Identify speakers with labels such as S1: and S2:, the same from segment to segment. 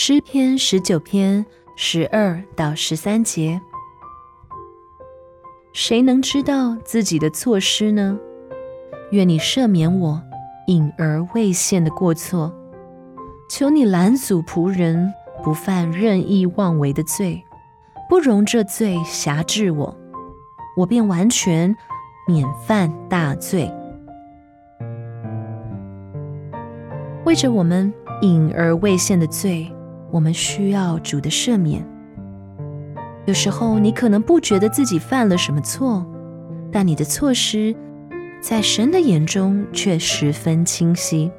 S1: 詩篇十九篇十二到十三節，誰能知道自己的錯失呢？願你赦免我隱而未現的過錯，求你攔阻僕人不犯任意妄為的罪，不容這罪轄制我，我便完全免犯大罪。為着我們隱而未現的罪。我們需要主的赦免。有時候你可能不覺得自己犯了什麼錯，但你的錯失在神的眼中卻十分清晰。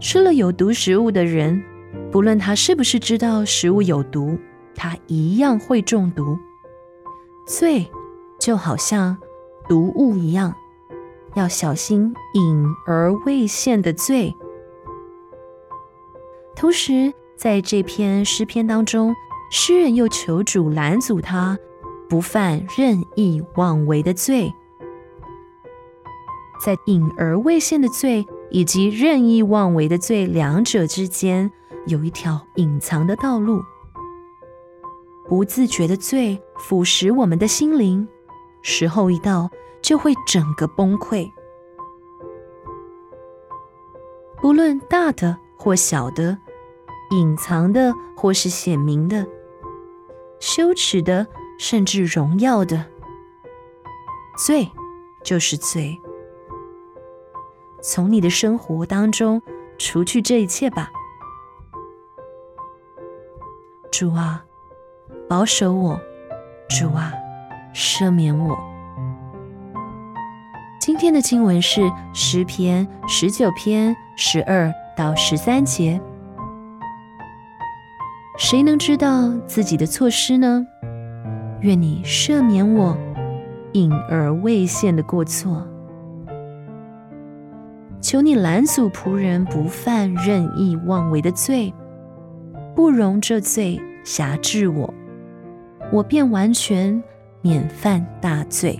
S1: 吃了有毒食物的人，不論他是不是知道食物有毒，他一樣會中毒。罪就好像毒物一樣，要小心隱而未現的罪。同時，在這篇詩篇當中，詩人又求主攔阻他不犯任意妄為的罪，在隱而未現的罪以及任意妄為的罪兩者之間，有一條隱藏的道路。不自覺的罪腐蝕我們的心靈，時候一到，就會整個崩潰。不論大的或小的。隱藏的，或是顯明的；羞恥的，甚至榮耀的，罪就是罪。從你的生活當中除去這一切吧，主啊，保守我，主啊，赦免我。今天的經文是詩篇十九篇十二到十三節。誰能知道自己的錯失呢？願你赦免我隱而未現的過錯，求你攔阻僕人不犯任意妄為的罪，不容這罪轄制我，我便完全免犯大罪。